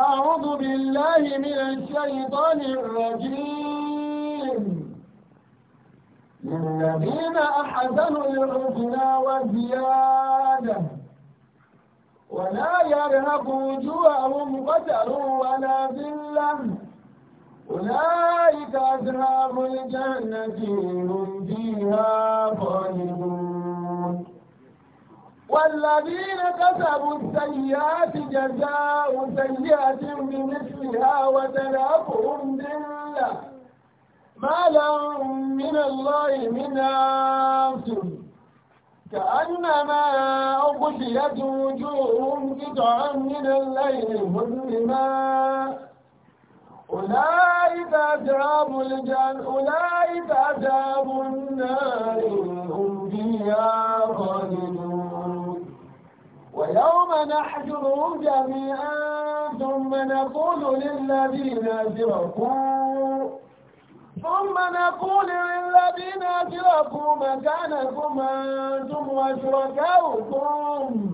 أعوذ بالله من الشيطان الرجيم للذين أحسنوا الحسنى وزيادة ولا يرهق وجوههم قتل ولا ذلة أولئك أصحاب الجنة هم فيها خالدون والذين كسبوا السيئات جزاء سيئة بمثلها وتلاقهم ذلة ما لهم من الله من عاصم كأنما أغشيت وجوههم قطعا من الليل مظلما أولئك أصحاب الجنة أولئك أصحاب النار هم فيها خالدون ويوم نحشرهم جميعا ثم نقول للذين أجركوا ثم نقول للذين أجركوا مكانكم أنتم وشركاؤكم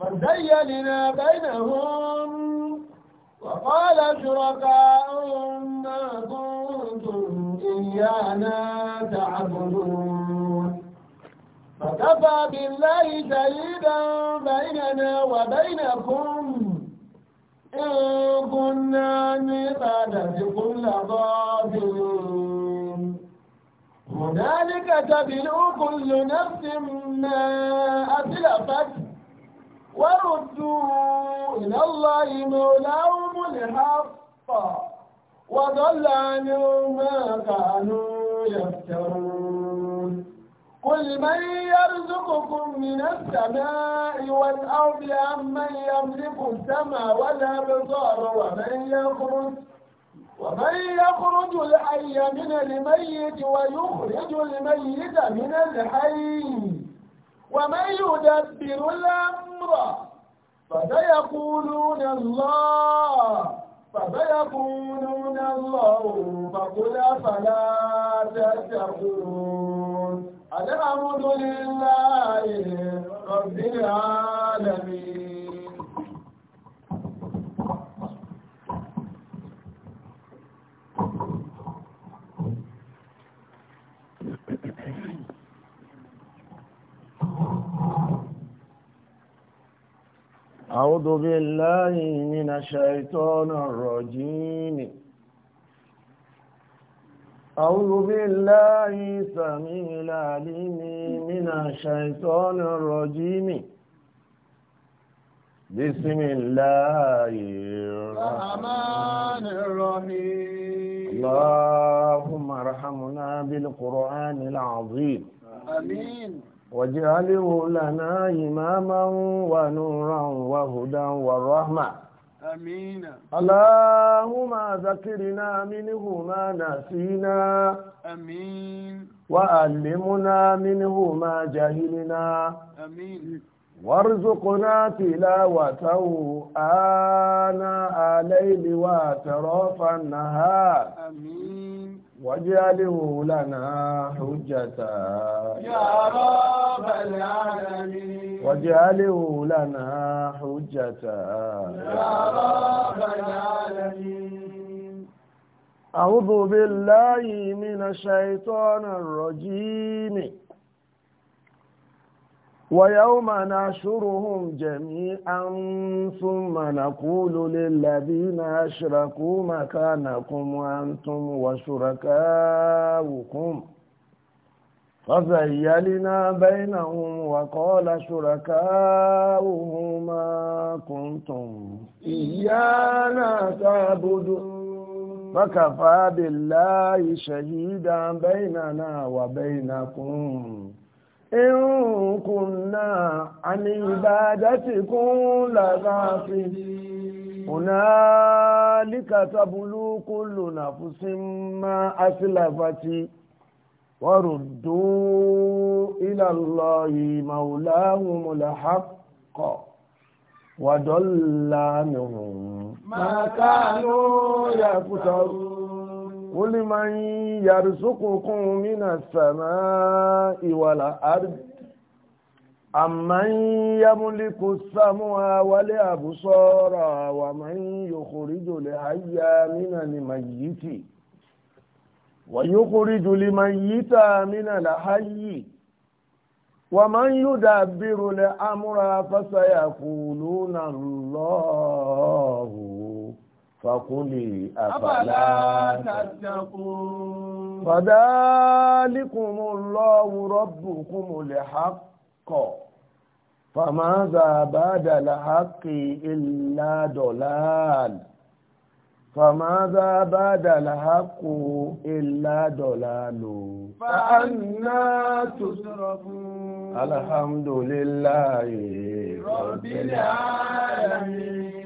فزيننا بينهم وقال شركاؤهم ما كنتم إيانا تعبدون فكفى بالله شهيدا بيننا وبينكم إن كنا عن عبادتكم لغافلين هنالك تبلو كل نفس ما أسلفت وردوا إلى الله مولاهم الحق وضل عنهم ما كانوا يفترون قل من يرزقكم من السماء والأرض أم من يملك السماء والأبصار ومن يخرج ومن يخرج الحي من الميت ويخرج الميت من الحي ومن يدبر الأمر فسيقولون الله فسيقولون الله فقل أفلا تتقون الحمد لله رب العالمين أعوذ بالله من الشيطان الرجيم أعوذ بالله سميع العليم من الشيطان الرجيم بسم الله الرحمن الرحيم اللهم ارحمنا بالقرآن العظيم آمين واجعله لنا إماما ونورا وهدى ورحمة آمين اللهم ذكرنا منه ما نسينا آمين وعلمنا منه ما جهلنا آمين وارزقنا تلاوته آناء الليل وأطراف النهار آمين واجعله لنا حجة يا رب العالمين واجعله لنا حجة يا رب العالمين أعوذ بالله من الشيطان الرجيم ويوم نشرهم جميعا ثم نقول للذين أشركوا مكانكم وأنتم وشركاؤكم فزيلنا بينهم وقال شركاؤهم ما كنتم إيانا تعبدون فكفى بالله شهيدا بيننا وبينكم إن كنا عن عبادتكم لغافلين هنالك تبلو كل نفس ما أسلفت وردوا إلى الله مولاهم الحق وضل عنهم ما كانوا يفترون قل من يرزقكم من السماء والأرض أمن يملك السمع والأبصار ومن يخرج الحي من الميت ويخرج الميت من الحي ومن يدبر الأمر فسيقولون الله فقل أفلا تتقون فذلكم الله ربكم الحق فماذا بعد الحق إلا ضلال فماذا بعد الحق إلا ضلال فأنا تصرفون الحمد لله رب العالمين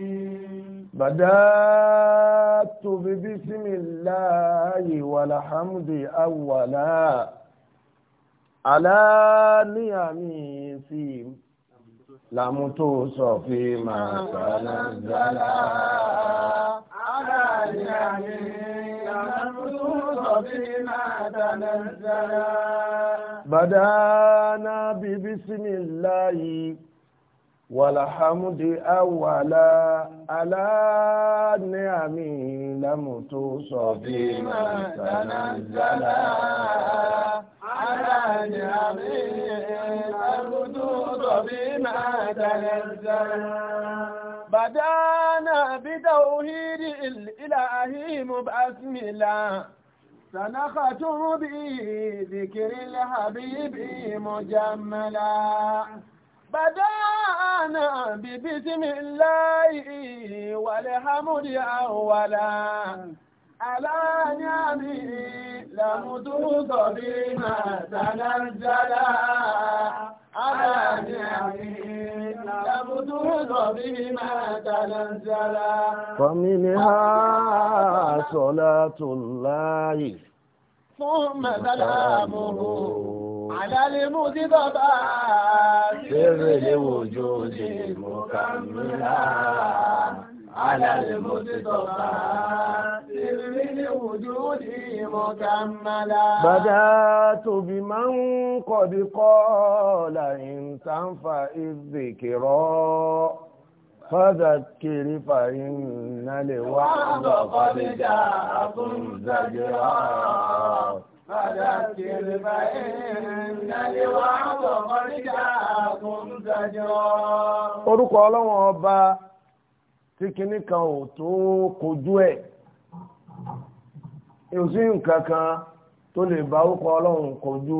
بدأت ببسم الله والحمد أولا على نعمي في لم في ما تنزل على نعمي لم توصف ما تنزل بدأنا ببسم الله wàlàhámúdì àwàlà aláàánú àmì lámù tó sọ bí màtàlá zàlá aláàánú àmì lámù tó sọ bí màtàlá zàlá. بدانا بتوحيد الإله مبأسم الله سنختم بذكر الحبيب مجملا بدانا ببسم الله والحمد أولا على نعمه لمدود بما تنزل على نعمه لمدود بما تنزل فمنها صلاة الله ثم سلامه àdálẹ́ mú sí bàbá. Bẹ́ẹ̀rẹ̀ léwo ojú oṣù mo kà mí rà. Àdálẹ́ mú sí bàbá. بدأت بمن قد قال إن تنفع الذكرى فذكر فإن الوعد قد جاءكم زجرا فذكر فإن الوعظ قد جاءكم زجرا orúkọ ọlọ́wọ́n ọba tí kinní kan ò tó kojú ẹ̀ èsì nǹkan kan tó lè bá orúkọ ọlọ́run kojú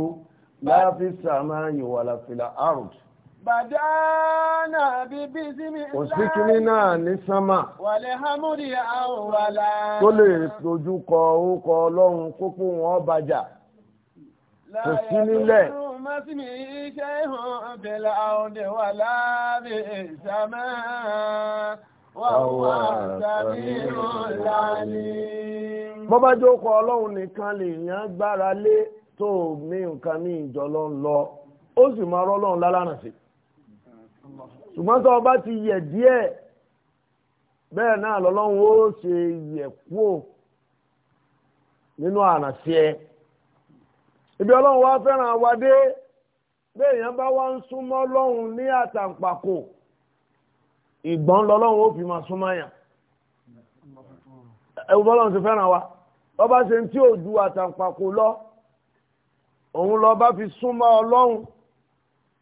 láàfin sàmáyé wàlàfìlà àrùn bàdánà bíbí sími ńlá. òsì kìíní náà ní sánmà. wàlẹ̀ hamúdì àwòwàlà. tó lè dojú kọ orúkọ ọlọ́run kókó wọn bàjá. kò sí nílẹ̀. Mọ́símì mi nǹkan ní ìjọ lọ ń lọ, ṣùgbọ́n tó o bá ti yẹ̀ díẹ̀ bẹ́ẹ̀ náà lọ́lọ́run ó ṣe yẹ̀ kúò nínú àràṣẹ ibi ọlọ́run wá fẹ́ràn wa dé béèyàn bá wá ń súnmọ́ lọ́hùn ní àtàǹpàkò ìgbọ́n lọ́lọ́run ó fi máa súnmọ́ yàn ẹ̀wù bọ́lọ́run ti fẹ́ràn wa ọba ṣe ń tí ò ju àtàǹpàkò lọ òun lọ bá fi súnmọ́ ọlọ́run.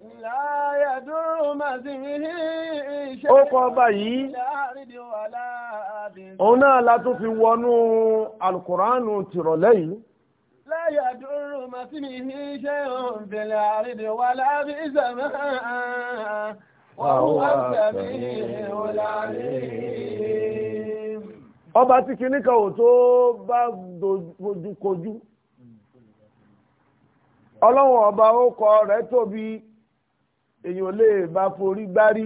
ó kọ́ ọba yìí òun náà la tún fi wọnú alukóránù tìrọ̀lẹ́ yìí. لا يدر مثله شيء في الأرض ولا في السماء ọba tí kinní kan ò tó bá dojú kojú ọlọ́run ọba ó kọ rẹ̀ tóbi èèyàn lè bá forí gbárí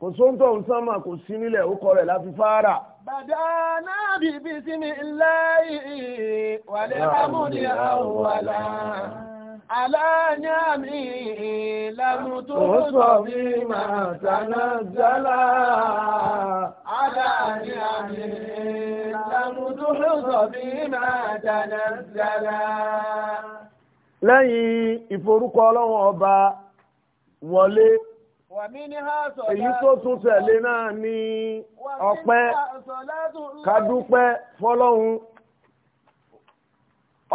kò sóńtọ̀ ń sánmà kò sí nílẹ̀ ó kọ rẹ̀ láti fáárà. bàdá náà bíbí sí ní láì wàlẹ́ àmúni àwòwàlà aláàyàmí lámùtò sọ bí màá tànà jálá aláàyàmí lámùtò sọ bí màá tànà jálá. lẹ́yìn ìforúkọ ọlọ́wọ́n ọba. wọlé èyí tó tún tẹ̀lé náà ní ọpẹ́ kádúpẹ́ fọlọ́hun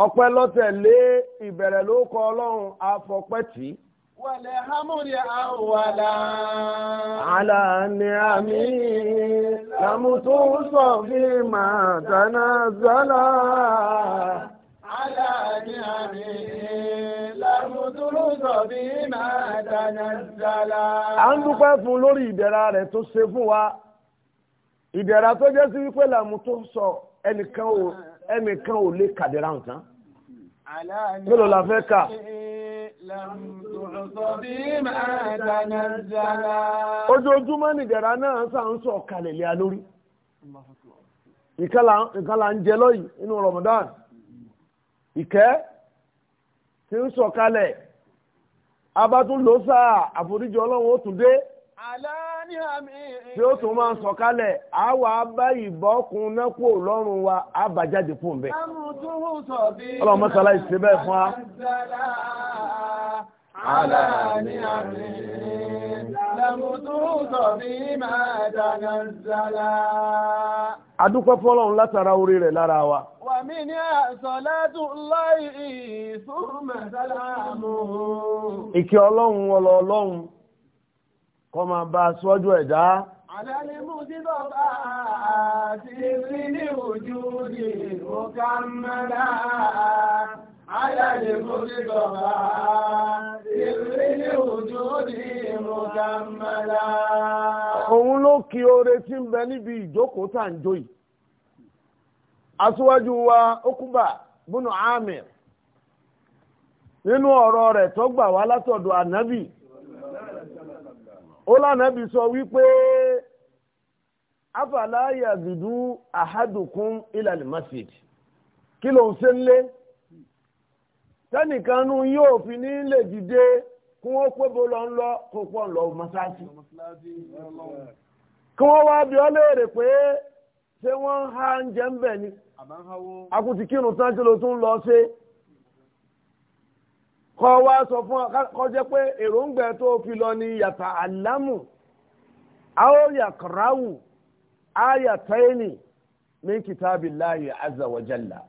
ọpẹ́ lọ́tẹ̀lé ìbẹ̀rẹ̀ ló kọ ọlọ́run afọpẹ́tì. wàlẹ̀ hamuri ni àmì làmùtò sọ fi màtánà zọlá. ni à ń dúpẹ́ fún lórí ìdẹ̀ra rẹ̀ tó ṣe fún wa ìdẹ̀ra tó jẹ́ sí wípé làmú tó sọ ẹnìkan ò ẹnìkan lè kàdéra mélòó la fẹ́ kà. ojoojúmọ́ náà sọ kalẹ̀ lé lórí là ń jẹ lọ́yìn nínú Ramadan abátún ló sáà àforíjì ọlọ́run ó tún dé tí ó tún máa ń sọ̀kalẹ̀ á wà á bá ìbọ́kun náà kúrò lọ́rùn wa á bà jáde fún bẹ́ẹ̀. ọlọ́run mọ́sálá ìṣe bẹ́ẹ̀ fún wa. على نعمه لمدود بما تنزلا adúpẹ́ fọ́lọ́run látara orí rẹ̀ lára wa. wà mí ní àṣọlẹ́tù láì ìṣúrùmẹ̀sálámù. ìkẹ́ ọlọ́run ọlọ ọlọ́run kọ́ máa bá a ẹ̀dá. àdáni على لمبغها لكل وجود مكملا òun ló kí oore tí ń bẹ níbi ìjókòó tá à ń jó yìí aṣíwájú wa okuba bunu amir nínú ọ̀rọ̀ rẹ̀ tó gbà wá látọ̀dọ̀ ànábì ó lànábì sọ wípé afàlàyà zidu ahadukum ilal masjid kí ló ń ṣe ń lé. tẹ́nìkan nu yóò fi ní lè dìde kí wọ́n pé bó lọ ń lọ kó pọ̀ ń lọ mọ́sáàsì. kí wọ́n wá bí ọ léèrè pé ṣé wọ́n ń ha oúnjẹ ń bẹ̀ ni akuti kírun tán tí ló tún lọ ṣe kọ́ wá sọ fún ọ jẹ́ pé èròǹgbà tó fi lọ ní yàtà àlámù àwọn yàkàràwù àyàtẹ́yìnì. min kitabillahi azza wa jalla.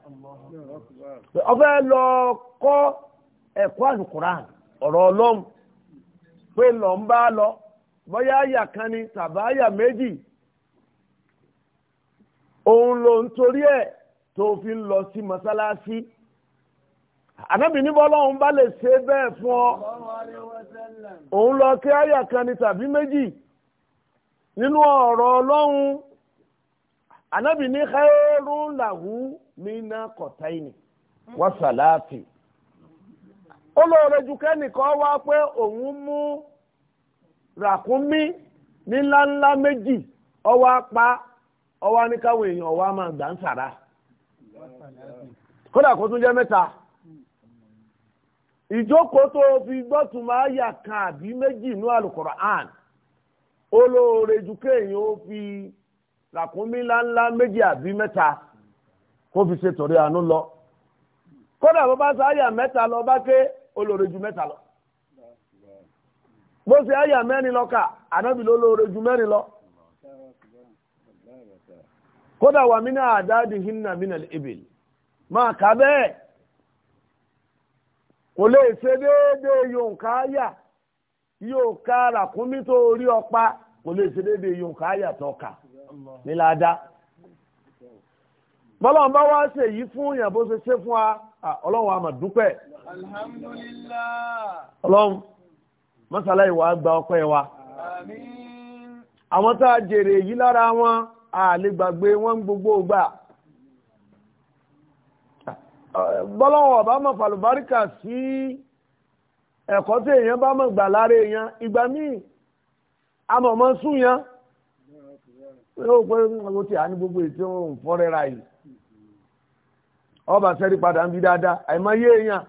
ọbẹ̀ lọ kọ́ ẹ̀kọ́ alukuran ọ̀rọ̀ ọlọ́run pé lọ ń bá lọ bóyá àyà kan ni tàbá àyà méjì òun ló ń torí ẹ̀ tó fi ń lọ sí mọ́sálásí. ànábì níbo ọlọ́run bá lè ṣe bẹ́ẹ̀ fún ọ òun lọ kí àyà kan ni tàbí méjì nínú ọ̀rọ̀ ọlọ́run. anabi ní xeeru lahu mina kọtaini wasalaati olóòrèjú kẹ́nìkan wá pé òun mú ràkúnmí ní ńláńlá méjì ọwọ́ apá ọwọ́ èèyàn ọwọ́ a máa gbà ń sàrà kódà tún jẹ́ mẹ́ta ìjókòó fi kan fi. làkúnmí ńláńlá méjì àbí mẹ́ta kó fi ṣe àánú lọ kódà bó bá sọ lọ bá ké olóore ju mẹ́ta lọ bó ṣe àyà mẹ́rin lọ ànábì ló lóore ju mẹ́rin lọ kódà wà mí ní àdáàdì hinna mí nàlẹ́ máa kà bẹ́ẹ̀ kò lè ní ládá bọ́lá ọba wá ṣe yìí fún èèyàn bó ṣe ṣe fún wa ọlọ́run àmà dúpẹ́ alhamdulillah ọlọ́run mọ́sálá ìwà gba ọpẹ́ wa àmín àwọn tá a jèrè yìí lára wọn àlè gbàgbé wọn gbogbo gbà bọ́lọ́wọ́ ọba mọ̀ fàlùbáríkà sí ẹ̀kọ́ tí èèyàn bá mọ̀ gbà lára èèyàn ìgbà míì amọ̀mọ́ sún yẹn ó pé mo a àní gbogbo ètò òun fọ́rẹ́ra yìí ọba sẹ́rí padà ń bí dáadáa àìmọye èèyàn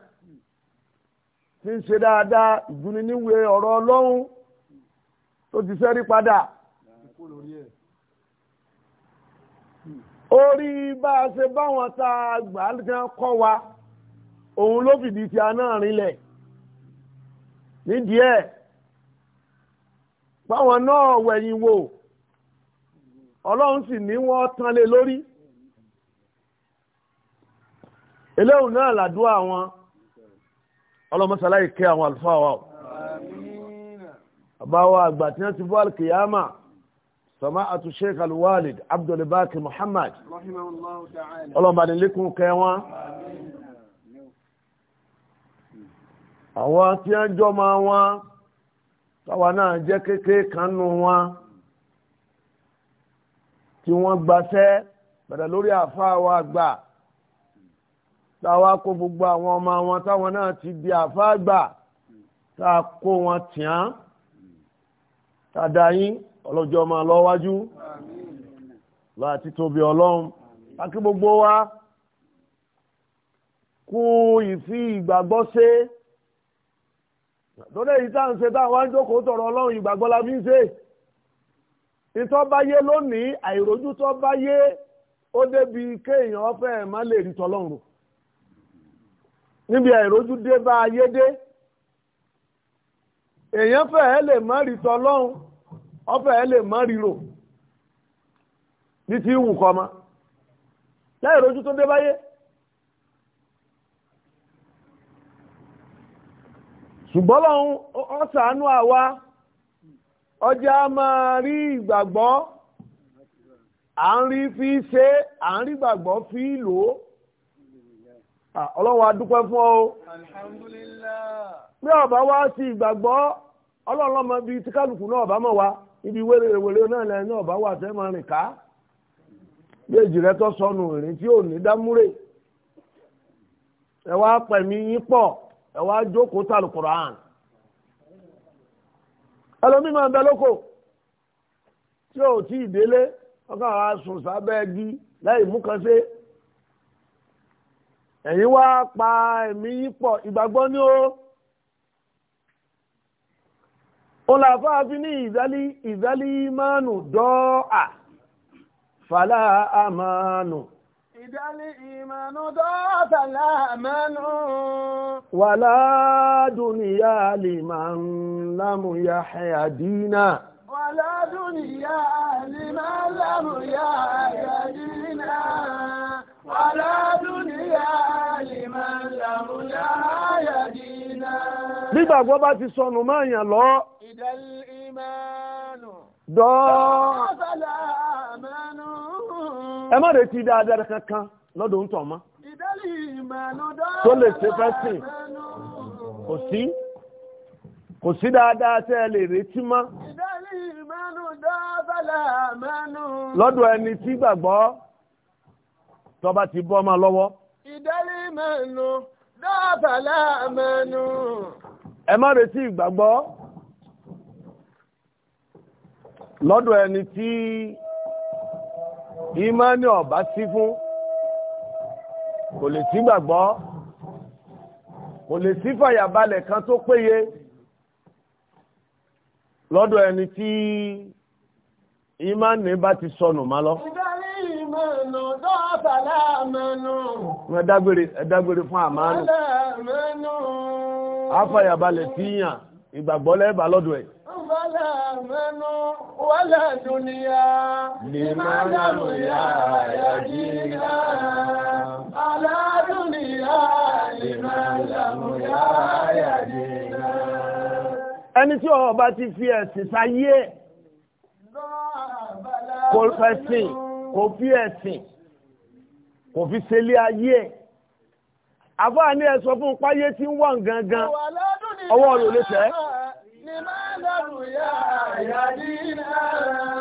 ti ń ṣe dáadáa ìdúni níwèé ọ̀rọ̀ ọlọ́run tó ti sẹ́rí padà. orí bá a ṣe báwọn tá a gbà á gan kọ́ wa òun ló fìdí tí a rinlẹ̀ nídìí ẹ̀ báwọn náà wẹ̀yìn wò ọlọ́run sì ní wọ́n tán lé lórí eléhùn náà làdúrà wọn ọlọ́mọsálá ìkẹ́ àwọn àlùfáà wa àbáwọ̀ àgbà tí wọ́n ti bọ́ alkiyama sọmá àtúnṣe kalwalid abdulbaki muhammad ọlọ́mọdélékún kẹ́ wọn àwọn tí wọ́n jọ máa wọn táwa náà jẹ́ kékeré kanú wọn tí wọ́n gbaṣẹ́ bẹ̀rẹ̀ lórí àáfàá wa gbà táwa kó gbogbo àwọn ọmọ wọn táwọn náà ti di àáfàá gbà tá a kó wọn tìǹán tá a dá yín ọlọ́jọ́ máa lọ wájú láti tóbi ọlọ́run akí gbogbo wa kú ìfi ìgbàgbọ́ ṣe lórí èyí tá à ń ṣe táwọn á ń jókòó tọ̀rọ̀ ọlọ́run ìgbàgbọ́ la fi ń ṣe. ìtọ́ bá lónìí àìrójú tó bá ó débi kéèyàn fẹ́ má lè rí tọ́lọ́run níbi àìrójú dé bá ayé dé èèyàn fẹ́ lè má rí tọ́lọ́run ọfẹ́ lè má ríro ní ti wù kọ́ ma láìrójú tó dé báyé ṣùgbọ́n lọ́hún ọ̀sánú àwa. ọjà máa rí ìgbàgbọ́ à ń rí fi ṣe à ń rí ìgbàgbọ́ fi lò ó ọlọ́run adúpẹ́ fún ọ ọba wá sí ìgbàgbọ́ ọlọ́run bíi tí kálukú náà ọba mọ̀ wá ibi wèrèwèrè náà lẹ́yìn náà ọba wà rìn ká bí èjì rẹ tó sọnù ìrìn tí ò ní ẹlòmí máa bẹ lóko tí ò tí ì délé ọkọ àwọn asùn sábẹ́ igi láì mú kan ṣe ẹ̀yin wá pa ẹ̀mí yín pọ̀ ìgbàgbọ́ ni ó olàfáàfin ní ìdálí ìdálí mánu dọ́ọ̀à fàlà àmánù ìdálé ìmọ̀nù dọ́ọ̀tà láàmánú. wàlá dúnìyà lè máa ń lámúyà àyàdínà. wàlá dúnìyà lè máa ń lámúyà àyàdínà. wàlá dúnìyà lè máa ń lámúyà àyàdínà. nígbàgbọ́ bá ti sọnù máa yàn lọ. ìdálé ìmọ̀nù. dọ́ọ̀tà láàmánú ẹ má retí dáadáa kankan lọ́dọ̀ ń tọ̀ mọ́ tó lè ṣe fẹ́ sìn kò sí kò sí dáadáa tẹ́ ẹ lè retí mọ́ lọ́dọ̀ ẹni tí gbàgbọ́ tọba ti bọ́ ọmọ lọ́wọ́. ìdálé mẹ́nu dábàlá ẹ má retí ìgbàgbọ́ lọ́dọ̀ ẹni tí ìmánì ọ̀bá sí fún kò lè sí gbàgbọ́ kò lè sí fàyàbalẹ̀ kan tó péye lọ́dọ̀ ẹni tí ìmánì bá ti sọnù má lọ. wọ́n dágbére fún àmánù. àfàyàbalẹ̀ tí yàn ìgbàgbọ́ lẹ́ẹ̀bà lọ́dọ̀ ẹ̀. آمنوا ولا دنيا لما لم يجينا على دنيا لما لم يجينا ẹni tí ọ̀rọ̀ bá ti fi ẹ̀sìn sáyé kò fẹ̀sìn kò fi ẹ̀sìn kò fi ṣẹlẹ̀ ayé àbá ní ẹ̀sọ́ fún páyé tí ń wọ̀n gangan ọwọ́ rẹ̀ lè tẹ́. ni máa lọ́rùn yáà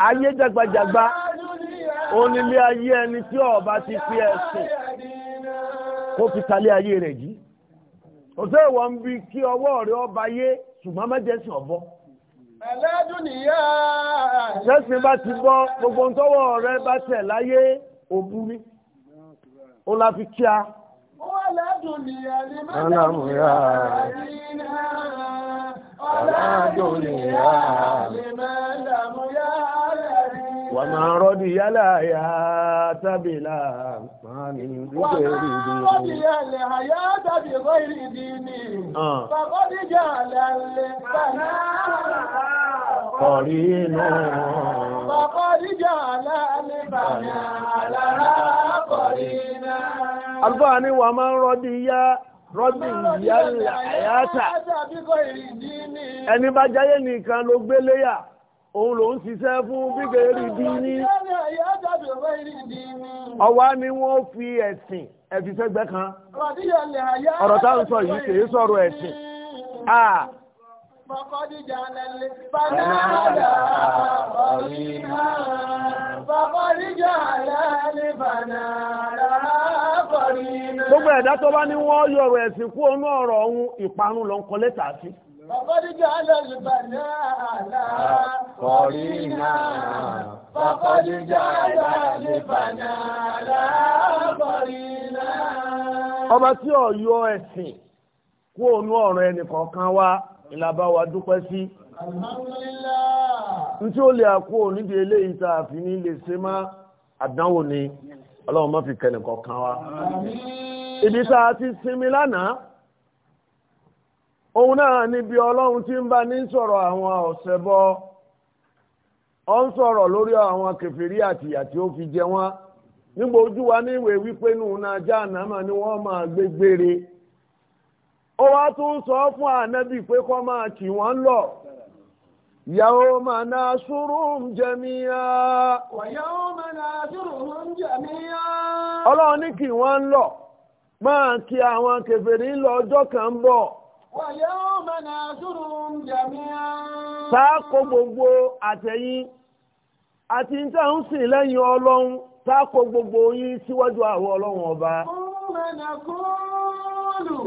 ayé jagbajagba onílé ayé ẹni tí ọba ti fi ẹ̀sìn kó fi talé ayé rẹ̀ jí òtẹ́ ìwọ̀n ń bi kí ọwọ́ rẹ̀ ọba yé ṣùgbọ́n mẹ́jẹ̀sìn ọ̀bọ́ ẹlẹ́dùnìyà bá ti bọ́ gbogbo ntọ́wọ́ rẹ bá tẹ̀ láyé òbú ni ó la fi kíá. wọ́n lẹ́dùnìyà ni mẹ́jẹ̀sìn ọ̀bọ́ وما رضي لا يا تبلا ما من غير دين رضي الحياة بغير دين فقد جعل الفناء قرين فقد جعل الفناء لها قرينا الفاني وما رضي rọ́bì ìyálà àyáta ẹni bá jáyé nìkan ló gbé léyà òun ló ń ṣiṣẹ́ fún bíkẹ́rì dínní ọwá ni wọ́n fi ẹ̀sìn ẹ̀fìsẹ́gbẹ́ kan ọ̀rọ̀ táwọn sọ yìí kìí sọ̀rọ̀ ẹ̀sìn. Bọ̀kọ́ díjà lẹ́lẹ́ bàbá gbogbo ẹ̀dá tó bá ní wọ́n yọ ọ̀rọ̀ ẹ̀sìn kú ọ̀nà ọ̀rọ̀ ọ̀hún ìparun lọ ń kọ lẹ́tà sí. Fọ̀kọ́díjà lọ́lùbà náà Ọba tí ò yọ ẹ̀sìn kú ọ̀nà ọ̀rọ̀ ẹnì kọ̀ọ̀kan wa ìlàbá wa dúpẹ́ sí. Alhamdulillah. Ntí ó lè àkó nídìí eléyìí tá a fi ní lè ṣe má àdánwò ni. Ọlọ́run má fi kẹ́nìkọ̀ọ̀kan wa. Àmín. ibi tá a ti sinmi lánàá òun náà níbi ọlọ́run tí ń bá ní sọ̀rọ̀ àwọn ọ̀sẹ̀ bọ́ ọ ń sọ̀rọ̀ lórí àwọn kẹfìrí àtìyà tí ó fi jẹ wọn. nígbà ojú wa ní ìwé wípé nù náà já ànámà ni wọ́n máa gbé gbére ó wá tún sọ fún ànábì pé kó máa kì wọ́n lọ yawma nasurum jamiya wa yawma nasurum jamiya ọlọ́run ní kì wọ́n lọ. máa kí àwọn kèfèrí lọ ọjọ́ kan ń bọ̀. wàyẹ̀ ó mẹ́nà àdúrú jẹ̀mí á. sáàkó gbogbo àtẹ̀yìn àti níta ń sìn lẹ́yìn ọlọ́run sáàkó gbogbo yín síwájú ọlọ́run ọba. mẹ́nà kúlù.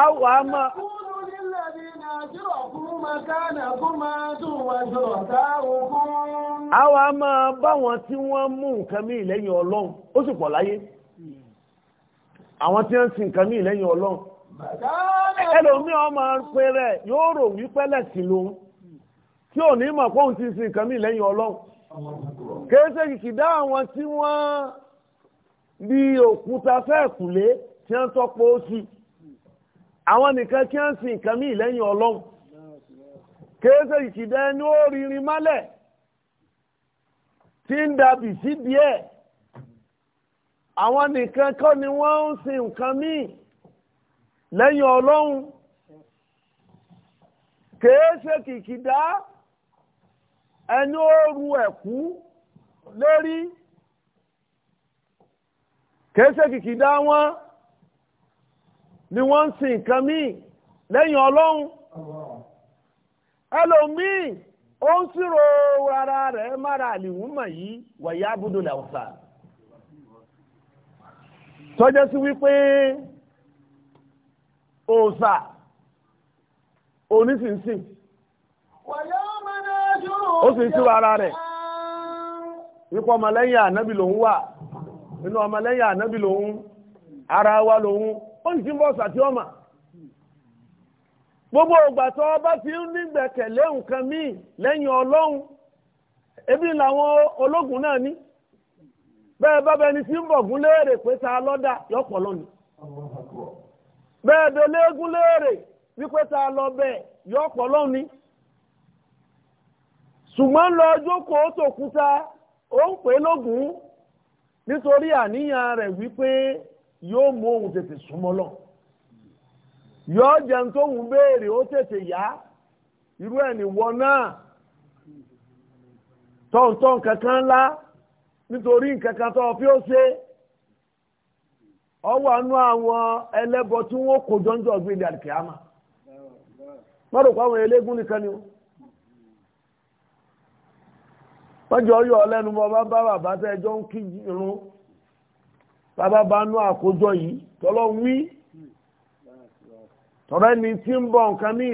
a wà á máa. kúlù nílẹ̀ ní nàìjíríà máa dùn ọ̀tá òkun. a bá wọn tí wọ́n mú nǹkan mí lẹ́yìn ọlọ́run ó sì àwọn tí ń sin nǹkan ní ìlẹ́yìn ọlọ́run ẹlòmíì ọmọ pẹrẹ yóò rò wípé lẹ́sìn lòun tí ò ní mọ̀ pọ́n ti sin nǹkan ní ìlẹ́yìn ọlọ́run kéèsè kìkìdá àwọn tí wọ́n bí òkúta fẹ́ kùlé tí wọ́n tọ́pọ̀ oṣù àwọn nìkan kí wọ́n sin nǹkan ní ìlẹ́yìn ọlọ́run kéèsè kìkìdá ẹni ó rírin málẹ̀ tí ń dàbì sídìí àwọn nìkan kọ́ ni wọ́n ń sin nǹkan míì lẹ́yìn ọlọ́run kèé ṣe kìkìdá ẹni ó ru ẹ̀kú lórí kèé ṣe kìkìdá wọn ni wọ́n ń sin nǹkan míì lẹ́yìn ọlọ́run ẹlòmíì ó ń sírò ara rẹ̀ mára àlìwúmọ̀ yìí wàyí abúdó làwùsàn. tọ́jẹ́ sí wípé òòsà onísìnsìn ó sì sí ara rẹ̀ wípé ọmọlẹ́yìn ànábì lòun wà nínú ọmọlẹ́yìn ànábì lòun ara wa lòun ó sì ọmọ gbogbo ìgbà tó ti ń nígbẹ̀kẹ̀lé ebi làwọn ológun náà bẹ́ẹ̀ bábẹ́ ẹni tí ń bọ̀ gún léèrè pé ta lọ́dà yọ̀pọ̀ lónìí bẹ́ẹ̀ dolégún léèrè wípé ta lọ bẹ́ẹ̀ yọ̀pọ̀ lónìí ṣùgbọ́n lọ jókòó tòkúta ó ń pè é lógún nítorí àníyàn rẹ̀ wípé yóò mú òun tètè súnmọ́ lọ yóò jẹun tó ń béèrè ó tètè yá irú ẹ̀ nìwọ náà tọ̀ntọ̀n kankan ńlá. nítorí nkankan tó fi ó ṣe ọ wà nú àwọn ẹlẹbọ tí wọ́n kó jọ́njọ́ gbé ilé àdìkìámà wọ́n rò pé àwọn nìkan ni wọ́n jọ yọ ọ lẹ́nu bọ́ bá bàbá tẹ́ ẹjọ ń irun bàbá bá nú àkójọ yìí wí ẹni tí ń nǹkan ní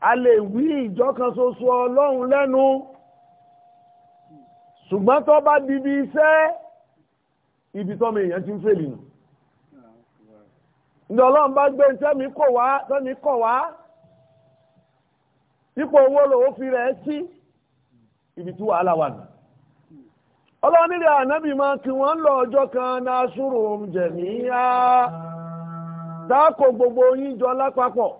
a lè wí ìjọ kan ṣoṣo ṣùgbọ́n tó bá iṣẹ́ ibi tọ́mọ èèyàn ti ń fèlì nù ní bá gbé sẹ́mi kọ̀ wá sẹ́mi kọ̀ wá ipò owó fi rẹ̀ sí ibi tí wàhálà wà nù ọlọ́run ànábì máa kí wọ́n lọ ọjọ́ kan na ṣúrò jẹ̀míyà dákò gbogbo yín lápapọ̀.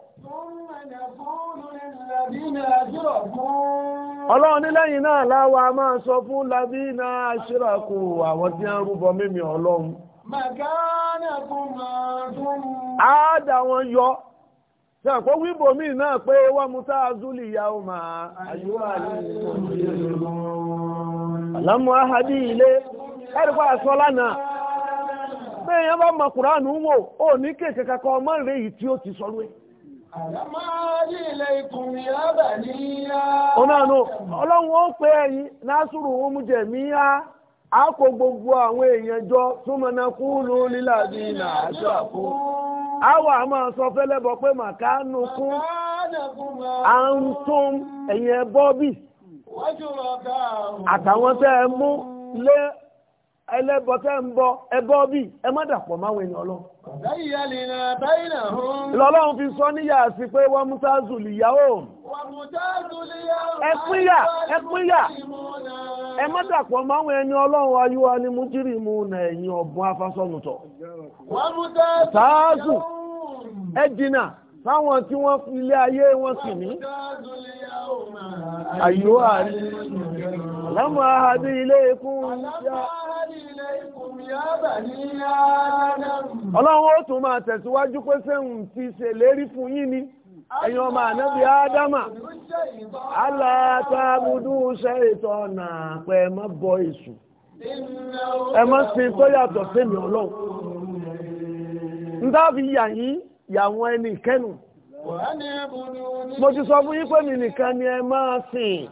ọlọ́run ní lẹ́yìn náà láwa máa sọ fún labí náà ṣírakù àwọn tí ń rúbọ mímí ọlọ́run àádà wọn yọ ṣàpọ̀ wíbò míì náà pé wọ́n mú tá a zúlì ìyá àlámú ahadí ilé ẹ̀rùpá àṣọ lánàá bá mọ kùránù wò ó ní ọmọ ti sọ lóye Onáàánú, ọlọ́run ó pé ẹ̀yin Násùrù wọn mú jẹ̀ mí á, a kò gbogbo àwọn èèyàn jọ súnmọ́ náà kú ló lílà bí i nà àjọ àkó. A máa sọ fẹ́lẹ́bọ pé màkánù kún, a ń tún ẹ̀yìn bì. Àtàwọn tẹ́ mú lé ẹlẹ́bọ mbọ ń bọ ẹbọ bí ẹ má dàpọ̀ sọ níyà sí pé wọ́n mú sáàzù lìyàwó. ẹ pínyà ẹ pínyà ẹ má dàpọ̀ ni mú jírí mu nà ẹ̀yìn ọ̀bùn afásọ̀nùtọ̀. sáàzù ẹ jìnnà sáwọn tí wọn fi ilé ayé wọn sì ní. àdé ilé ikú ọlọ́run ó tún máa tẹ̀síwájú pé sẹ́hùn ti ṣèlérí fún yín ni ẹ̀yin ọmọ ànábì ádámà alátàbùdú bọ èṣù ẹ má sin tó yàtọ̀ sẹ́mi ọlọ́run ndáàbí yà yín yàwọn ẹni ìkẹ́nu mo ti sọ fún yín pé ni ẹ máa sìn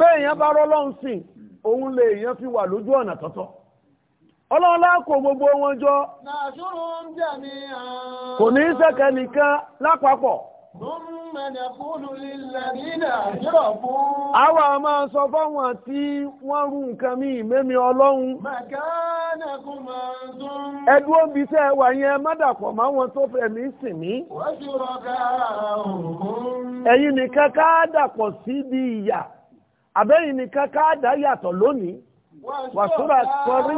bẹ́ẹ̀yàn bá rọ́lọ́run sìn òun lè èèyàn fi wà lójú ọ̀nà tọ́tọ́ ọlọ́ọ̀lá kò gbogbo wọn jọ kò ní í sẹ́kẹ̀ nìkan lápapọ̀ àwa máa sọ fáwọn tí wọ́n rú nǹkan mi ìmẹ́mi ọlọ́run òbí tẹ́ wà yẹn mọ́dàpọ̀ máwọn tó fẹ̀mí sìn mí nìkan ká dàpọ̀ sí ni nìkan káàdá yàtọ̀ lónìí wàsúrà sọrí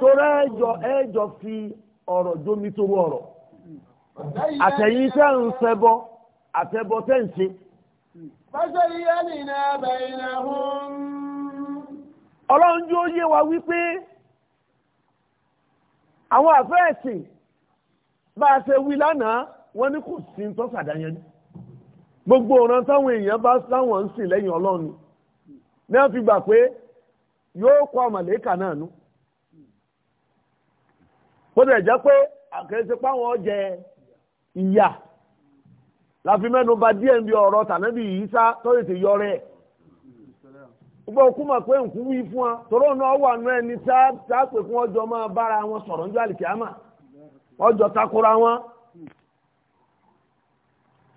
torẹ́ ẹjọ́ ẹjọ́ fi ọ̀rọ̀ jómi torú ọ̀rọ̀ àtẹ̀yìn tẹ́ ń ṣẹbọ àtẹ̀bọ tẹ́ ń ṣe. ọlọ́run jí ó yé wa wípé àwọn àfẹ́ ẹ̀sìn bá a ṣe wí lánàá wọ́n ní kò sí ń tọ́sàdá yẹn ni. gbogbo ọ̀ràn táwọn èèyàn bá láwọn ń sìn lẹ́yìn ọlọ́run ní wọ́n fi gbà pé yóò kọ́ àmàlẹ́kà náà nú. bó tilẹ̀ pé àkẹ́sẹ̀ páwọn ìyà láfi mẹ́nu díẹ̀ ń bí ọ̀rọ̀ tànábì gbogbo mà pé nkú wí fún wa náà wà nú ẹni fún ọjọ́ máa bára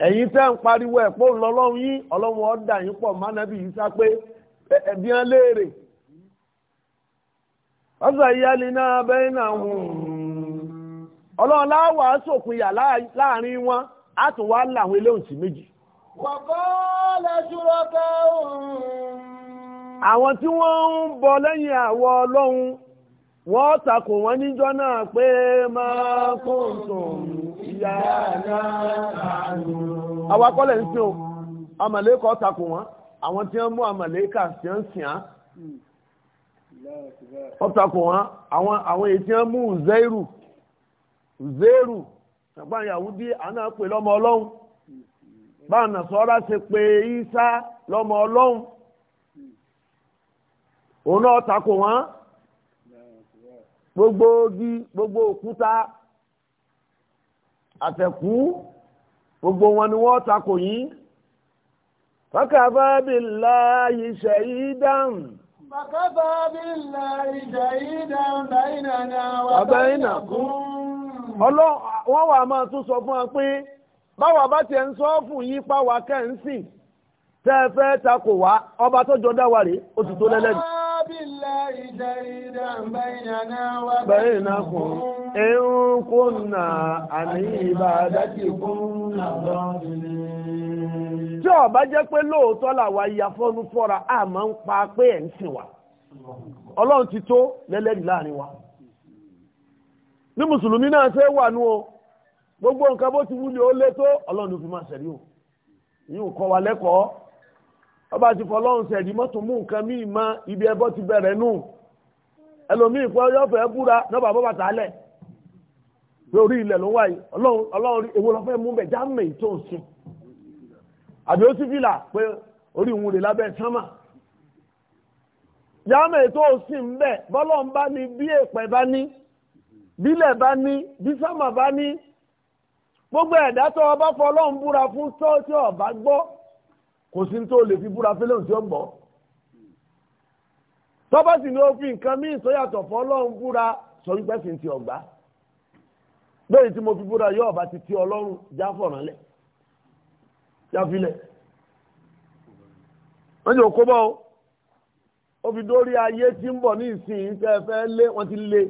ẹ̀yin tẹ́ ń pariwo ẹ̀ pé yín ọlọ́run ọ̀dà yín pọ̀ mánàbí yìí sá pé ẹ̀bí hàn léèrè. ọ̀sẹ̀ ìyáni náà bẹ́ẹ̀ náà hùn. ọlọ́run láàrin wọn á tún wá láwọn méjì. àwọn tí wọ́n ń bọ lẹ́yìn àwọ̀ ọlọ́run wọ́n takò wọ́n níjọ́ náà pé máa kó ìyá àwọn akọ́lẹ̀ ń o àwọn ń sìn án àwọn àwọn èyí tí wọ́n mú zairu zairu Yahudi àná pè lọ́mọ ṣe pé lọ́mọ òun náà gbogbo ogi gbogbo òkúta àtẹ̀kú gbogbo wọn ni wọ́n takò yín fakafa billahi shahidan. fakafa billahi shahidan bainana wa bainakum. ọlọ́run wọ́n wà máa tún sọ fún wa pé báwa bá tiẹ̀ ń sọ fún yín pa wá kẹ́ ń tẹ́ ẹ fẹ́ takò wá ọba tó jọ dá wa rèé ó ti tó lẹ́lẹ́ni. بينكم إن كنا عن عبادتكم tí ó bá jẹ́ pé lóòótọ́ làwa ya fọ́nú fọ́ra a ma ń pa pé ẹ̀ ń sìn wa ọlọ́run ti tó lẹ́lẹ́rìí láàrin wa ní mùsùlùmí náà ṣe wà ní o gbogbo nǹkan bó ti ó lé tó ọlọ́run fi máa ṣẹ̀rí o ọba ti fọlọ́run sẹ̀rí mọ́tò mú nǹkan míì mọ́ ibi ẹbọ ti bẹ̀rẹ̀ nù ẹlòmíì pé ọyọ́ fẹ́ búra nọ́ọ̀bà bọ́ bàtà lẹ̀ pé orí ilẹ̀ ló wáyé ọlọ́run èwo lọ fẹ́ mú bẹ̀ jámẹ̀ tó ń sìn àbí ó sì fìlà pé orí ìwúre lábẹ́ sánmà jámẹ̀ tó ń sìn ń bẹ̀ bá ní bí bá ní bílẹ̀ bá ní bí sánmà bá ní gbogbo ẹ̀dá tó ọba fọlọ́run búra fún tó ọba gbọ́ kò sí tó lè fi búra fẹ́lẹ́ tí ó gbọ́ tọ́ba sì ni ó fi nǹkan míì sọ́yàtọ̀ fọ́lọ́run búra sọ wípé sì ń ti ọ̀gbá lóyìn tí mo fi búra yóò bá ti ti ọlọ́run já fọ̀ràn lẹ̀ já filẹ̀ wọ́n yóò kó bọ́ o ó fi dórí ayé tí ń bọ̀ ní ìsìn tẹ́ ẹ fẹ́ lé wọ́n ti lé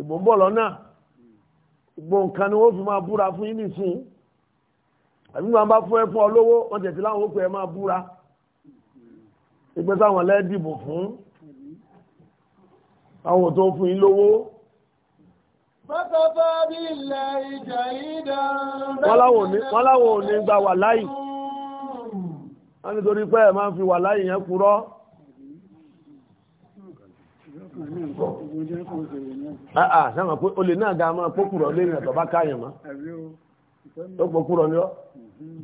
ìbò ń bọ̀ lọ́nà gbòǹkan ni wọ́n fi máa búra fún yín nìsín àbí wọn bá fún ẹ fún ọ lówó wọn tẹ̀sí láwọn ó pè ẹ máa búra ìgbẹ́ sáwọn lẹ́dìbò fún àwọn tó fún yín lówó. Fọ́tọ́fọ́ bí ilẹ̀ ìjà ìdá. Wọ́n láwọn ò ní gba wà láì. Wọ́n nítorí pé ẹ̀ máa ń fi wà láì yẹn purọ́. Àà sẹ́wọ̀n olè náà ga máa pókùrọ̀ lé ìrìn àtọ̀bá káyàn mọ́. Ó pókùrọ̀ ni ọ́.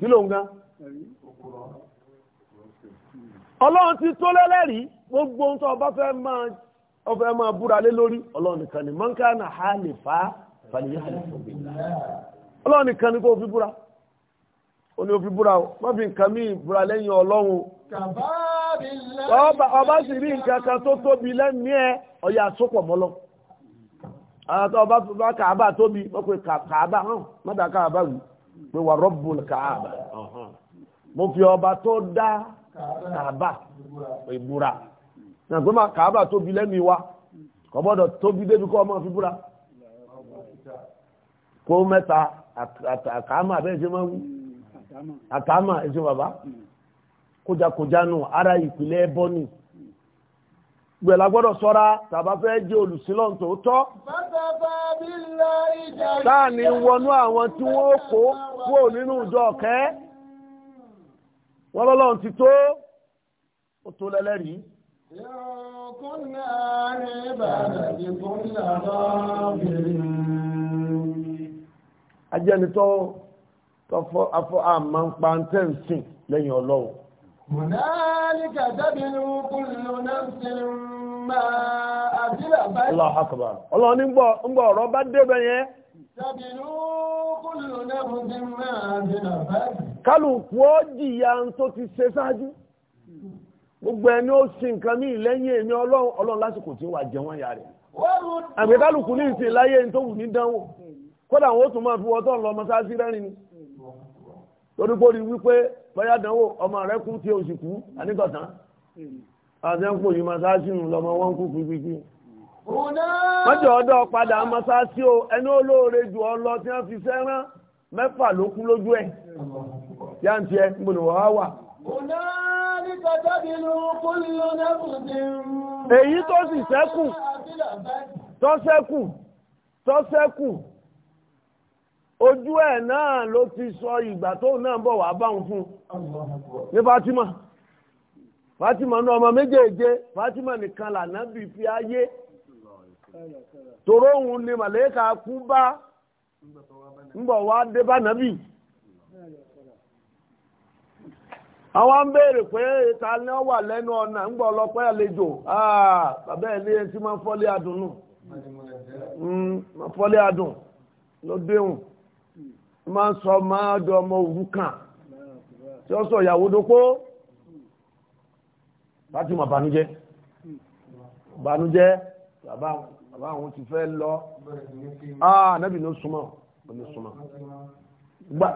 kí ló ń ti tó lẹ́lẹ́rìí gbogbo ohun tó ọba fẹ́ máa ọfẹ́ máa búra lé lórí ọlọ́run nìkan ni mọ́ńkà náà há lè fà fàníyà lè ọlọ́run nìkan ni kó fi búra ó ní ó fi búra o má fi nǹkan ọba sì rí nǹkan kan tó tóbi ẹ ọ̀yà mọ́lọ́ pé wà rọ́bù kàába mo fi ọba tó dá kàába ìbúra nàgbé máa kàába tóbi lẹ́mìí wa kò gbọ́dọ̀ tóbi débi kọ́ ọmọ fi búra kó mẹ́ta àkàámà bẹ́ẹ̀ ṣe máa wú àkàámà ẹ̀ṣẹ̀ bàbá kójakójá ara ìpìlẹ̀ ẹbọ ni gbẹ̀lá gbọ́dọ̀ sọ́ra tàbá fẹ́ jẹ́ olùsílọ́n tó tọ́ táà ní wọnú àwọn tí wọ́n kó kúrò nínú ìjọ ọ̀kẹ́ wọ́n lọ́lọ́run ti tó ó tó lẹ́lẹ́rìí. ajẹ́ni tọ́fọ́ afọ́ àmà lẹ́yìn ọlọ́run. Mùnáàlìkà dábìlú kúlù náà sí máa àdílà báyìí. Ọlọ́run ní ń ọ̀rọ̀ bá débẹ̀ yẹn. kálukú ó jìyà ń tó ti ṣe ṣáájú gbogbo ẹni ó ṣe nǹkan ní ìlẹ́yìn èmi ọlọ́run lásìkò tí wà jẹun ẹ̀yà rẹ̀ àgbẹ̀ kálukú ní ìsìn láyé tó wù ní dánwò kódà àwọn tún máa fi wọ́tọ́ lọ mọ́sáàsì rẹ́rìn ni torí pé ó rí wípé bóyá dánwò ọmọ rẹ̀ kú tí oṣù kú àníkọ̀tán àti ẹ̀ńpọ̀ yìí mọ́sáàsì ń lọ́mọ kú kú mọ́jọ́ ọ̀dọ́ padà mọ́sáàsì o ẹni olóore jù ọ lọ tí wọ́n fi sẹ́rán mẹ́fà ló kú lójú ẹ̀ yá ń tiẹ̀ gbọ́dọ̀ wá wà. èyí tó sì sẹ́kù tó sẹ́kù tó sẹ́kù ojú ẹ̀ náà ló ti sọ ìgbà tó náà bọ̀ wá báwọn fún un ní Fatima Fatima náà ọmọ méjèèje Fatima nìkan lànà bí fi ayé. tòró òun ni màlẹ́kà kú bá ń bọ̀ wá dé bá nàbì àwọn ń béèrè pé ta ni wọ́n wà lẹ́nu ọ̀nà ń gbọ́ ọlọ́pẹ́ àlejò ah, bàbá ẹ̀ e ní ẹtí máa ń fọ́lé adùn nù hmm, máa ń fọ́lé adùn ló déhùn máa ń sọ máa dọ ọmọ òwú kàn tí ó sọ ìyàwó dókó bá ti mọ̀ bànújẹ́ bànújẹ́. bàbá àwọn ti fẹ́ lọ anabi ah, ló súnmọ́ ló súnmọ́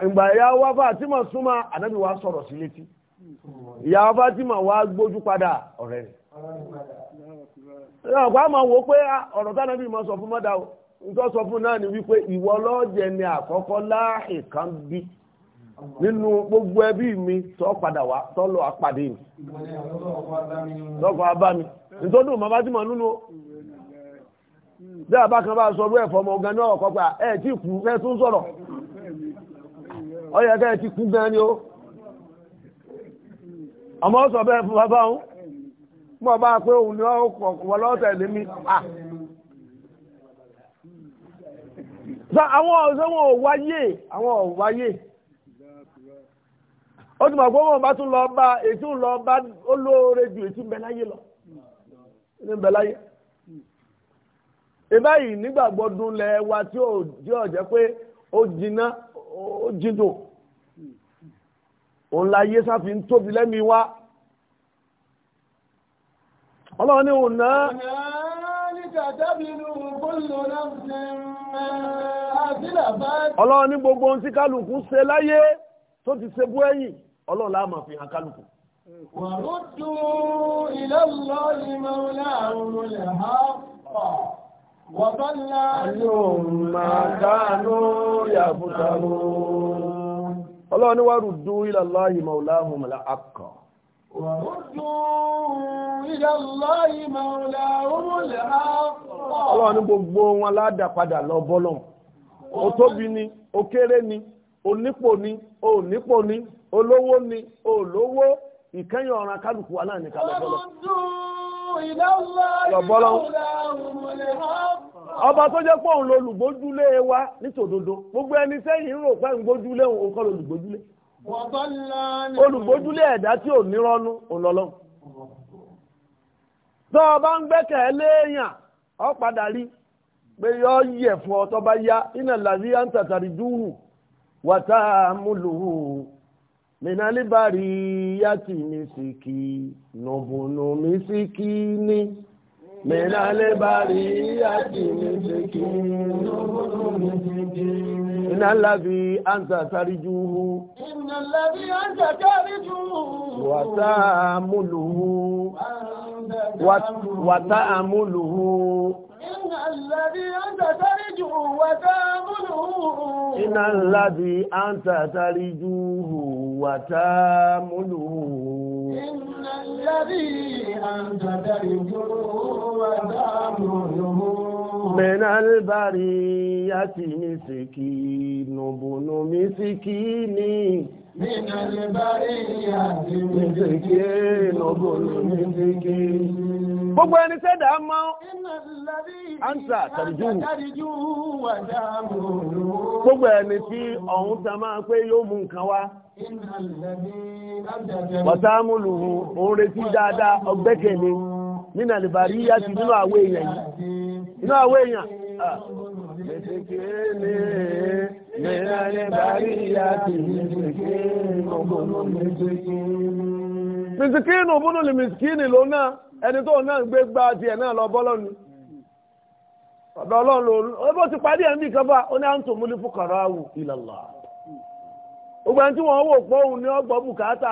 ìgbà ìyá wa Fátímà súnmọ́ anabi wa sọ̀rọ̀ sí létí ìyá wa Fátímà wa gbójú padà ọ̀rẹ́ rẹ̀ ọ̀pá máa wò pé ah, ọ̀rọ̀ tánábì ma sọ fún mọ́dà o nítorí sọ fún náà ni wípé ìwọ lọ́jẹ̀ ni àkọ́kọ́ bí nínú gbogbo ẹbí mi tó padà wá tó lọ mi abá mi nítorí nínú bí àbá bá sọ ẹ̀fọ́ ọmọ ogun náà kọ́ pé ẹ̀ tí kú fẹ́ tún sọ̀rọ̀ ọyẹ ti kú gan ni ó ọmọ sọ bẹ́ẹ̀ fún bàbá bá pé òun ni ó kọ̀ lé mi ah. àwọn ọ̀sẹ̀ wọn ò wáyé àwọn ò wáyé ó ti mọ̀ pé wọn bá tún lọ bá lọ bá olóore ju ṣe báyìí nígbàgbọ́ lẹ wa tí ò tí ò jẹ́ pé ó jiná ó jindò òun la yé sáfi ń tóbi lẹ́mi wá ọlọ́run ní òun náà. ọlọ́run ní gbogbo ohun tí kálukú ṣe láyé tó ti ṣe bú ẹ̀yìn ọlọ́run la fi hàn kálukú. وضل عنهم ما كانوا يفترون ọlọ́run wá rùdú ila Allahi mauláhùn láàkọ̀. ọlọ́run gbogbo wọn ládà padà lọ bọ́lọ̀m ó tóbi ni ó kéré ni ni nípò ni olówó ni olówó ọ̀ràn lọ́bọ́lọ́ ọba tó jẹ́ pé òun lolùgbójúlé wa nítòdodo gbogbo ẹni sẹ́yìn ń rò pé ìgbójúlé òun kọ́ olùgbójúlé ẹ̀dá tí ò nírọ́nú òlọ́lọ́ tó ọba ń gbẹ́kẹ̀ léèyàn ọ padà rí pé yọ yẹ̀ fún ọ minalibari yati misiki nubunu misikini minalibari yati misiki nubunu misikini inalabi anza tarijuhu inalabi anza tarijuhu wataamuluhu wataamuluhu إن الذي أنت ترجوه وتامله إن الذي أنت ترجوه وتامله إن الذي أنت ترجوه وتامله من البرية مسكين بن مسكين من البرية مسكين بن مسكين gbogbo ẹni tẹ́dà mọ́ ánsà tàríjúhù gbogbo ẹni tí ọ̀hún ta máa pé yóò mú nǹkan wá wàtàmùlùhù òun retí dáadáa ọgbẹ́kẹ̀lé nínú àlìbàrí yá ti nínú àwọ Mèsèkéèlé mẹ́ra lè bàrí ìyá ló náà ẹni tó náà gbé gba tiẹ̀ náà lọ bọ́lọ́ ni. Ọ̀dọ̀ ọlọ́run bó ti parí ẹ̀mí ó ní múlí fún àwù ìlàlá. Gbogbo ẹni tí wọ́n wò òun ní bùkátà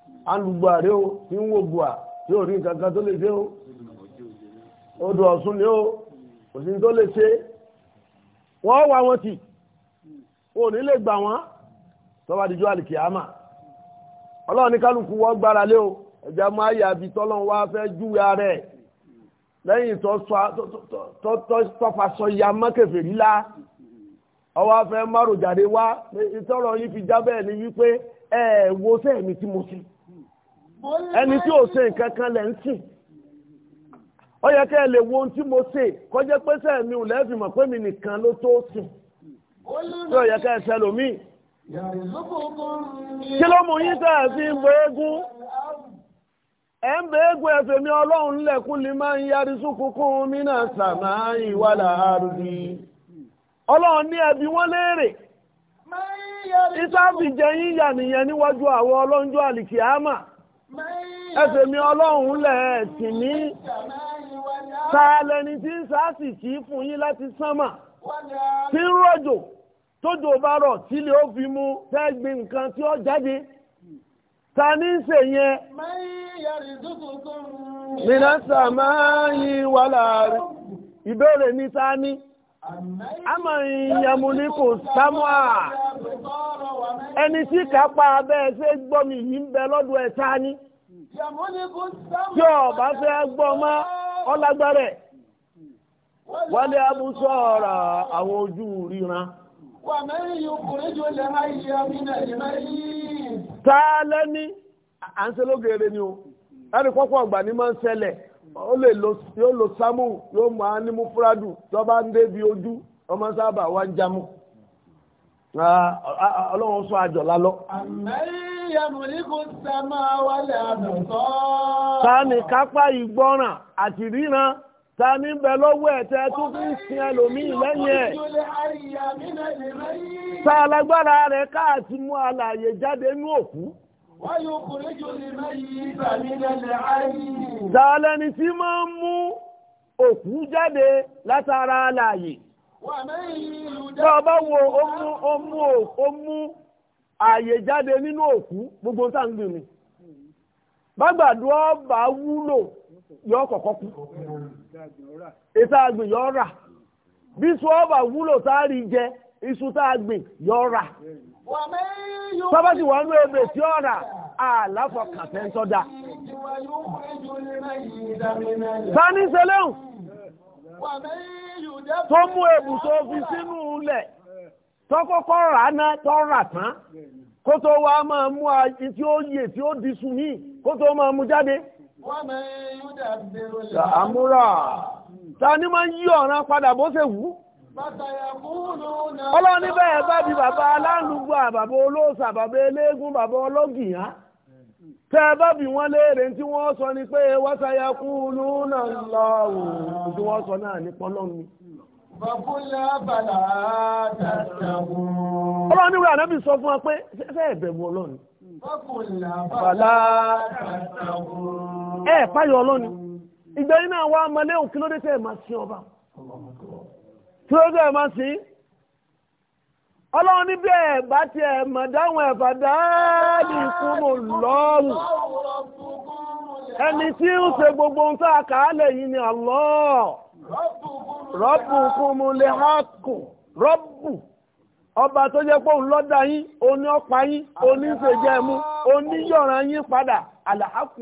alùgbà rẹ o tí ń wògbò à tí ò rí nǹkan kan tó lè dé o odò ọ̀sùn ni o kò sí tó lè ṣe wọ́n wà wọn tì wọn ò ní lè gbà wọ́n tọ́ba díjú àlìkìyàmà ọlọ́run ní kálukú wọ́n gbára lé o ẹ̀já máa yà bí tọ́lọ́run wá fẹ́ júwe ara lẹ́yìn tọ́fà sọ ya mọ́kẹ̀fẹ̀ líla ọwọ́ afẹ́ márùn jáde wá ìtọ́rọ̀ yìí fi jábẹ́ ni wípé ẹ̀ wo sẹ́ẹ̀mí tí mo ti. ẹni tí ò se nǹkan kan lẹ̀ ń sìn ó yẹ kẹ́ ẹ lè wo ohun tí mo ṣe kọjá pé mi ò lẹ́ẹ̀fì mọ̀ pé mi nìkan ló tó sìn tí ó yẹ kẹ́ ẹ ṣẹlòmíì. kí ló mú yín fi ń bo eégún ẹ ń bẹ eégún ẹ̀fẹ̀ mi ọlọ́run lẹ̀kún lè máa ń yarí súnkúnkún mí náà sàmà ìwà làárùbí ọlọ́run ní ẹbí wọ́n léèrè níwájú àwọn ọlọ́njọ́ ẹsẹ̀ mi ọlọ́run lẹ̀ tì mí ta lẹni tí ń sáàsì kì í fún yín láti sánmà tí ń rọ̀jò tójò bá rọ̀ tílé ó fi mú fẹ́ gbin nǹkan tí ó jáde ta ní ń ṣe yẹn. nínú sàmáyé wàhálà ìbéèrè ní ta ní. àmàrin yẹmu kò sámúà ẹni tí kápá abẹ́ ẹsẹ́ gbọ́mi yìí ń bẹ lọ́dọ̀ ẹ̀ sáá tí ọba fẹ́ gbọ́ mọ́ ọlágbárẹ̀ wálé abúsọ́ ọ̀rà àwọn ojú ríran táà lẹ́ni à ń ṣe ni o ẹni kọ́kọ́ máa ń ṣẹlẹ̀ ó lè lo yóò lo sámù yóò mọ ánímú fúrádù lọ́ba ń débi ojú ọmọ sábà wá ń jámú ọlọ́run sọ àjọ lálọ́. Tani kápá ìgbọ́ràn àti ríran, tani bẹ lọ́wọ́ ẹ̀ tẹ́ tó fi sin ẹlòmíì lẹ́yìn ẹ̀. Tá alágbára rẹ̀ káàtì mú alààyè jáde ní òkú. Dàálẹ́ni tí máa ń mú òkú jáde látara láàyè. Tọ́ bá wo ó mú jáde nínú òkú gbogbo sáàgbì mi. Bágbàdú ọba wúlò yọ kọ̀kọ́ kú. Ètà àgbì yọ rà. Bí sọ ọba wúlò iṣu tá a gbìn yọ rà tọ́bá ti wà ń lóye bèè tí ó rà àlàfọ̀ kàfẹ́ ń tọ́da. sani sẹlẹ̀hùn tó mú èbùsọ fi sínú ilẹ̀ tọ́kọ́kọ́ rà náà tọ́ rà tán kó tó wá máa mú àti tí ó yè tí ó di sùn yìí kó tó máa mú jáde. àmúra ta ni máa ń yí ọ̀ràn padà bó ṣe wù ú ọlọ́run níbẹ̀ ẹ̀ bá di bàbá aláǹdúgbò àbàbà olóòṣà bàbá eléégún bàbá ọlọ́gìyàn tẹ́ ẹ bá bi wọ́n léèrè tí wọ́n sọ ni pé wọ́sáyà kú lúnà lọ́wọ́ tí wọ́n sọ náà ní pọ́lọ́run ni. Bàbúlá bàlá tàtàkùn. Ọlọ́run níwèé ànábì sọ fún wa pé ṣẹ́ ẹ̀bẹ̀rù ọlọ́run. Bàbúlá bàlá tàtàkùn. Ẹ páyọ̀ ọlọ́run. Ìgbẹ́yìn náà wá ọmọlé òkè lóde tẹ́ ẹ̀ máa ṣe ọba. program sí ọlọ́run níbẹ̀ bá tiẹ̀ mọ̀ dáhùn ẹ̀fà dáàbì fún mọ̀ lọ́rùn ẹni tí ń ṣe gbogbo ń tó yìí ni Allah rọ́bù fún lè hákù rọ́pù ọba tó jẹ́ lọ́dà yín oní ọ̀pá yín oníyọ̀ràn yín padà àlàákù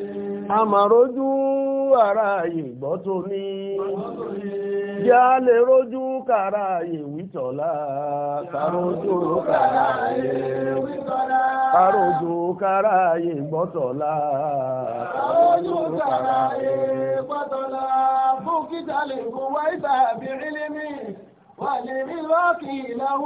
àmàrójú ara ààyè gbọ́ tó ní yá lè rójú kàrà ààyè wítọ̀lá kàrójú kàrà ààyè wítọ̀lá kàrójú kàrà ààyè gbọ́tọ̀lá kàrójú kàrà ààyè gbọ́tọ̀lá fún kíta lè kó wáyé tàbí rí وللواقي له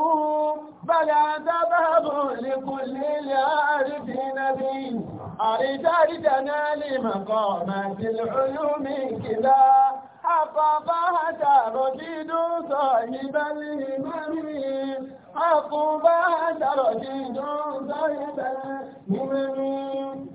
بلا ذهب لكل العارف نبي أرد أردنا لمقامات العلوم كذا حققها ترشد صاحب الهمم حققها ترشد صاحب الهمم